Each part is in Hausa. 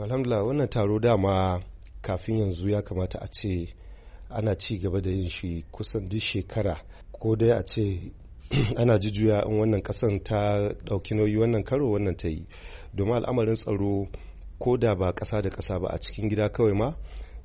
to alhamdulillah wannan taro dama kafin yanzu ya kamata a ce ana ci gaba da yin shi kusan duk shekara ko dai a ce ana juya in wannan kasan ta ɗauki nauyi wannan karo wannan ta yi domin al'amarin tsaro ko da ba ƙasa da kasa ba a cikin gida kawai ma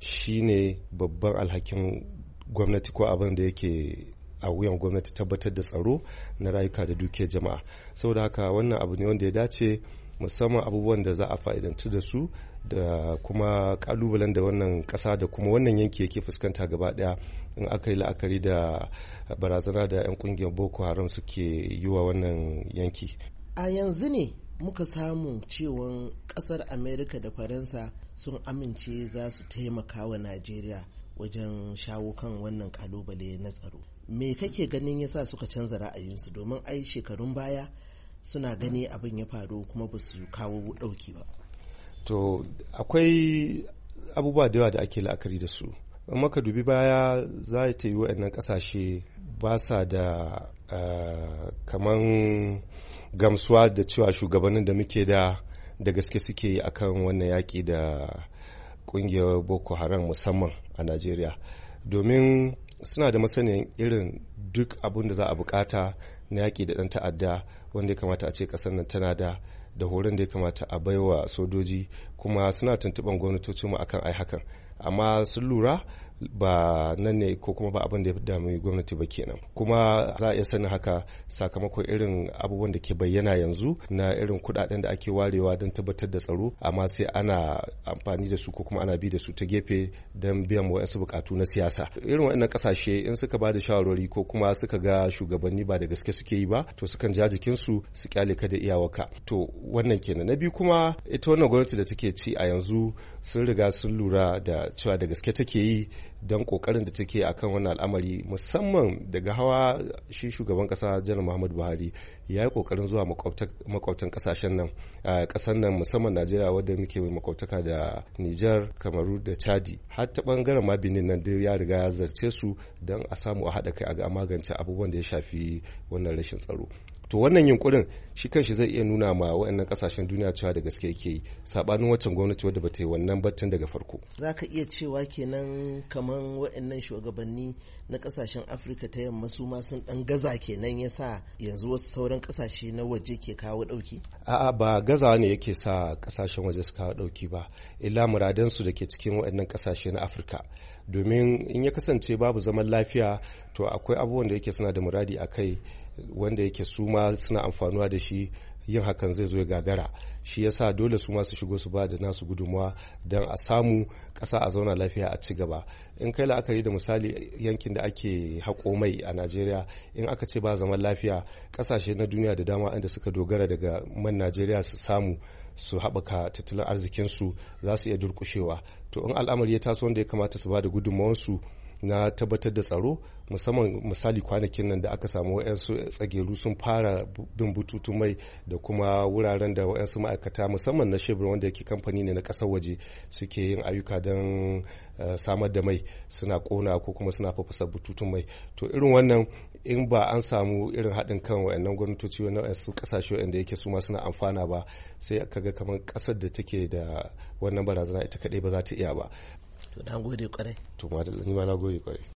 shine babban alhakin gwamnati ko abin da yake a wuyan gwamnati tabbatar da tsaro na rayuka da dukiyar jama'a saboda haka wannan abu ne wanda ya dace musamman abubuwan da za a fa'idantu da su da kuma kalubalen da wannan kasa da kuma wannan yanki yake fuskanta gaba daya in aka yi la'akari da barazana da 'yan kungiyar boko haram suke yi wa wannan yanki a yanzu ne muka samu cewan kasar amerika da faransa sun amince za su taimaka wa najeriya wajen shawo kan wannan kalubale na tsaro me kake ganin yasa suka canza ra'ayinsu domin ai shekarun baya suna gani abin ya faru kuma ba su kawo ɗauki ba to akwai abubuwa da yawa da ake la'akari da su in maka dubi baya za ta yi waɗannan ƙasashe ba sa da uh, kaman gamsuwa da cewa shugabannin da muke da da gaske suke yi akan wannan yaƙi da ƙungiyar boko haram musamman a najeriya domin suna da masaniyan irin duk abin da za a bukata na yaƙi da ɗan ta'adda wanda ya kamata a ce ƙasar nan tana da da horon da ya kamata a baiwa sojoji kuma suna tuntuɓan gwamnatocinmu akan ai hakan amma sun lura ba nan ne ko kuma ba abin da ya dami gwamnati ba kenan kuma za a iya sani haka sakamakon irin abubuwan da ke bayyana yanzu na irin kudaden da ake warewa don tabbatar da tsaro amma sai ana amfani da su ko kuma ana bi da su ta gefe don biyan wasu bukatu na siyasa irin wa'annan kasashe in suka ba da shawarwari ko kuma suka ga shugabanni ba da gaske suke yi ba to sukan ja jikinsu su kyale ka da iyawaka to wannan kenan na biyu kuma ita wannan gwamnati da take ci a yanzu sun riga sun lura da cewa da gaske take yi don kokarin da take kan wannan al'amari musamman daga hawa shi shugaban kasa janar muhammadu buhari ya yi kokarin zuwa makwabtan kasashen nan kasan nan musamman najeriya wadda muke mai makwabtaka da nijar kamaru da chadi har ta bangaren ma benin nan dai ya riga ya zarce su don a samu a haɗa kai a magance abubuwan da ya shafi wannan rashin tsaro to wannan yunkurin shi kanshi zai iya nuna ma waɗannan kasashen duniya cewa da gaske yake yi sabanin waccan gwamnati wadda ba ta yi wannan batun daga farko za ka iya cewa kenan kamar waɗannan shugabanni na kasashen afirka ta yamma su ma sun ɗan gaza kenan ya sa yanzu wasu sauran kasashe na waje ke kawo ɗauki a'a ba gaza ne yake sa kasashen waje su kawo ɗauki ba illa muradansu da ke cikin waɗannan kasashe na afirka domin in ya kasance babu zaman lafiya to akwai abubuwan da yake suna da muradi a kai wanda yake su ma suna amfanuwa da shi yin hakan zai zo gagara shi yasa dole su masu shigo su ba da nasu gudunmawa don a samu ƙasa a zauna lafiya a ci gaba in kai la'akari da misali yankin da ake haƙo mai a najeriya in aka ce ba zaman lafiya ƙasashe na duniya da dama inda suka dogara daga man najeriya su samu su haɓaka tattalin arzikinsu za su iya durƙushewa to in al'amari ya taso wanda ya kamata su ba da gudunmawansu na tabbatar da tsaro musamman misali kwanakin nan da aka samu wayansu tsageru sun fara bin bututu mai da kuma wuraren da wayansu ma'aikata musamman na shebur wanda yake kamfani ne na kasar waje suke yin ayyuka don eh, samar da mai suna kona ko kuma suna fafasa bututun mai to irin wannan in ba an samu irin haɗin kan wayannan gwamnatoci wani su kasashe wayanda yake su ma suna amfana ba sai kaga kamar kasar da take da wannan barazana ita kaɗai ba za ta iya ba to na gode kwarai to ma ni ma na gode kwarai